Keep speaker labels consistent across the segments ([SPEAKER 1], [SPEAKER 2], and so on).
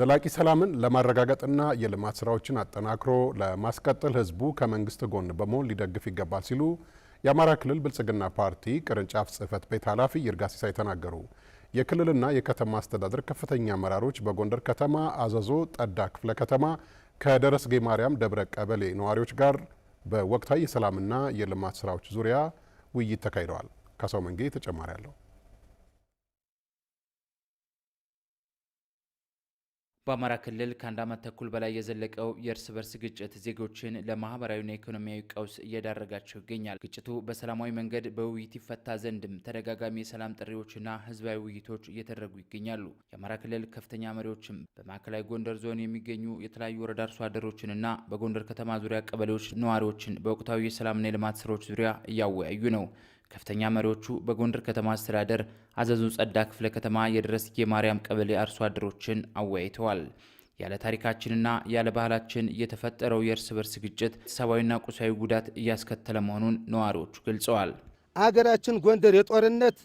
[SPEAKER 1] ዘላቂ ሰላምን ለማረጋገጥና የልማት ስራዎችን አጠናክሮ ለማስቀጠል ህዝቡ ከመንግስት ጎን በመሆን ሊደግፍ ይገባል ሲሉ የአማራ ክልል ብልጽግና ፓርቲ ቅርንጫፍ ጽህፈት ቤት ኃላፊ ይርጋ ሲሳይ ተናገሩ። የክልልና የከተማ አስተዳደር ከፍተኛ አመራሮች በጎንደር ከተማ አዘዞ ጠዳ ክፍለ ከተማ ከደረስጌ ማርያም ደብረ ቀበሌ ነዋሪዎች ጋር በወቅታዊ የሰላምና የልማት ስራዎች ዙሪያ ውይይት ተካሂደዋል። ከሰው መንጌ ተጨማሪ አለው።
[SPEAKER 2] በአማራ ክልል ከአንድ ዓመት ተኩል በላይ የዘለቀው የእርስ በርስ ግጭት ዜጎችን ለማህበራዊና ኢኮኖሚያዊ ቀውስ እየዳረጋቸው ይገኛል። ግጭቱ በሰላማዊ መንገድ በውይይት ይፈታ ዘንድም ተደጋጋሚ የሰላም ጥሪዎችና ህዝባዊ ውይይቶች እየተደረጉ ይገኛሉ። የአማራ ክልል ከፍተኛ መሪዎችም በማዕከላዊ ጎንደር ዞን የሚገኙ የተለያዩ ወረዳ አርሶ አደሮችንና በጎንደር ከተማ ዙሪያ ቀበሌዎች ነዋሪዎችን በወቅታዊ የሰላምና የልማት ስራዎች ዙሪያ እያወያዩ ነው። ከፍተኛ መሪዎቹ በጎንደር ከተማ አስተዳደር አዘዙ ጸዳ ክፍለ ከተማ የደረስጌ ማርያም ቀበሌ አርሶ አደሮችን አወያይተዋል። ያለ ታሪካችንና ያለ ባህላችን የተፈጠረው የእርስ በርስ ግጭት ሰብአዊና ቁሳዊ ጉዳት እያስከተለ መሆኑን ነዋሪዎቹ ገልጸዋል።
[SPEAKER 3] አገራችን ጎንደር የጦርነት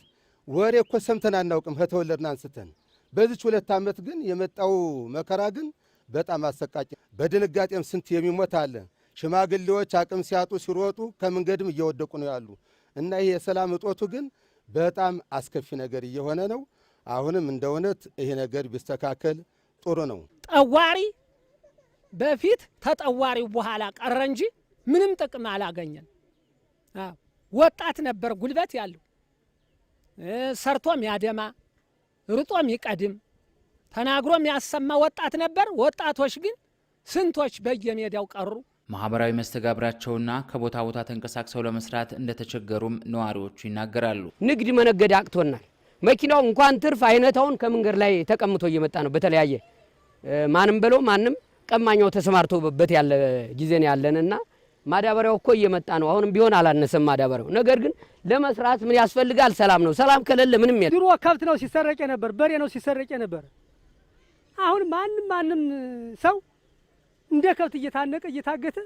[SPEAKER 3] ወሬ እኮ ሰምተን አናውቅም ከተወለድን አንስተን። በዚች ሁለት ዓመት ግን የመጣው መከራ ግን በጣም አሰቃቂ፣ በድንጋጤም ስንት የሚሞት አለ። ሽማግሌዎች አቅም ሲያጡ ሲሮጡ ከመንገድም እየወደቁ ነው ያሉ እና ይህ የሰላም እጦቱ ግን በጣም አስከፊ ነገር እየሆነ ነው። አሁንም እንደ እውነት ይሄ ነገር ቢስተካከል ጥሩ ነው።
[SPEAKER 4] ጠዋሪ በፊት ተጠዋሪው በኋላ ቀረ እንጂ ምንም ጥቅም አላገኘን። ወጣት ነበር ጉልበት ያለው ሰርቶም ያደማ ርጦም ይቀድም ተናግሮም ያሰማ ወጣት ነበር። ወጣቶች ግን ስንቶች በየሜዳው ቀሩ።
[SPEAKER 2] ማህበራዊ መስተጋብራቸውና ከቦታ ቦታ ተንቀሳቅሰው ለመስራት እንደተቸገሩም ነዋሪዎቹ ይናገራሉ።
[SPEAKER 5] ንግድ መነገድ አቅቶናል። መኪናው እንኳን ትርፍ አይነታውን ከመንገድ ላይ ተቀምቶ እየመጣ ነው። በተለያየ ማንም ብለው ማንም ቀማኛው ተሰማርቶበት ያለ ጊዜ ነው ያለንና ማዳበሪያው እኮ እየመጣ ነው። አሁንም ቢሆን አላነሰም ማዳበሪያው። ነገር ግን ለመስራት ምን ያስፈልጋል? ሰላም ነው። ሰላም ከሌለ ምንም የለም።
[SPEAKER 4] ድሮ ከብት ነው ሲሰረቄ ነበር፣ በሬ ነው ሲሰረቄ ነበር። አሁን ማንም ማንም ሰው እንደ ከብት እየታነቀ እየታገተ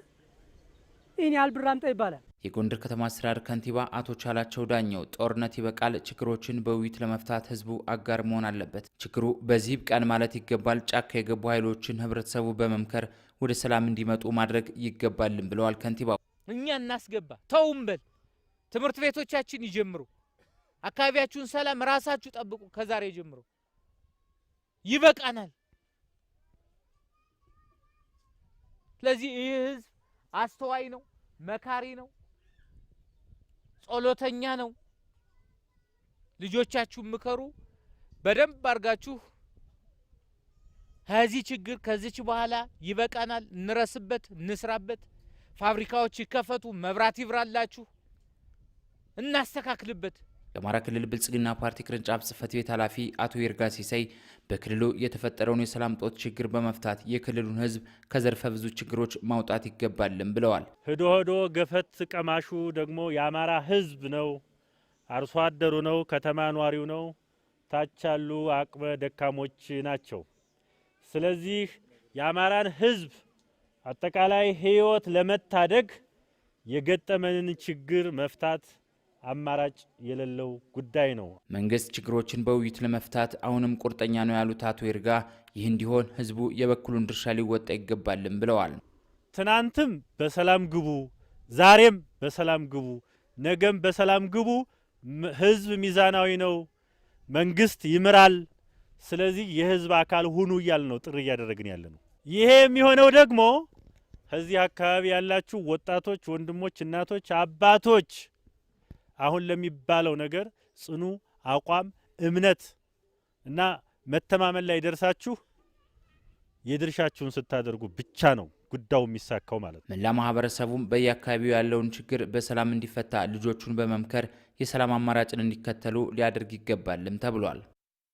[SPEAKER 4] ይህን ያህል ብር አምጣ ይባላል።
[SPEAKER 2] የጎንደር ከተማ አስተዳደር ከንቲባ አቶ ቻላቸው ዳኘው ጦርነት ይበቃል፣ ችግሮችን በውይይት ለመፍታት ህዝቡ አጋር መሆን አለበት፣ ችግሩ በዚህ ይብቃን ማለት ይገባል፣ ጫካ የገቡ ኃይሎችን ህብረተሰቡ በመምከር ወደ ሰላም እንዲመጡ ማድረግ ይገባልም ብለዋል ከንቲባው።
[SPEAKER 6] እኛ እናስገባ ተውም በል ትምህርት ቤቶቻችን ይጀምሩ፣ አካባቢያችሁን ሰላም ራሳችሁ ጠብቁ፣ ከዛሬ ጀምሮ ይበቃናል። ስለዚህ ይህ ህዝብ አስተዋይ ነው፣ መካሪ ነው፣ ጸሎተኛ ነው። ልጆቻችሁ ምከሩ በደንብ አድርጋችሁ። ከዚህ ችግር ከዚች በኋላ ይበቃናል፣ እንረስበት፣ እንስራበት፣ ፋብሪካዎች ይከፈቱ፣ መብራት ይብራላችሁ፣ እናስተካክልበት።
[SPEAKER 2] የአማራ ክልል ብልጽግና ፓርቲ ቅርንጫፍ ጽህፈት ቤት ኃላፊ አቶ ይርጋ ሲሳይ በክልሉ የተፈጠረውን የሰላም ጦት ችግር በመፍታት የክልሉን ሕዝብ ከዘርፈ ብዙ ችግሮች ማውጣት ይገባልም ብለዋል።
[SPEAKER 7] ህዶ ህዶ ገፈት ቀማሹ ደግሞ የአማራ ሕዝብ ነው። አርሶ አደሩ ነው። ከተማ ኗሪው ነው። ታች ያሉ አቅመ ደካሞች ናቸው። ስለዚህ የአማራን ሕዝብ አጠቃላይ ሕይወት ለመታደግ የገጠመንን ችግር መፍታት አማራጭ የሌለው ጉዳይ ነው።
[SPEAKER 2] መንግስት ችግሮችን በውይይት ለመፍታት አሁንም ቁርጠኛ ነው ያሉት አቶ ይርጋ ይህ እንዲሆን ህዝቡ የበኩሉን ድርሻ ሊወጣ ይገባልም ብለዋል።
[SPEAKER 8] ትናንትም በሰላም ግቡ፣ ዛሬም በሰላም ግቡ፣ ነገም በሰላም ግቡ። ህዝብ ሚዛናዊ ነው፣ መንግስት ይምራል። ስለዚህ የህዝብ አካል ሁኑ እያል ነው ጥሪ እያደረግን ያለ ነው። ይሄ የሚሆነው ደግሞ ከዚህ አካባቢ ያላችሁ ወጣቶች፣ ወንድሞች፣ እናቶች፣ አባቶች አሁን ለሚባለው ነገር ጽኑ አቋም፣ እምነት እና መተማመን ላይ ደርሳችሁ የድርሻችሁን ስታደርጉ ብቻ ነው ጉዳዩ የሚሳካው ማለት
[SPEAKER 2] ነው። መላ ማህበረሰቡም በየአካባቢው ያለውን ችግር በሰላም እንዲፈታ ልጆቹን በመምከር የሰላም አማራጭን እንዲከተሉ ሊያደርግ ይገባልም ተብሏል።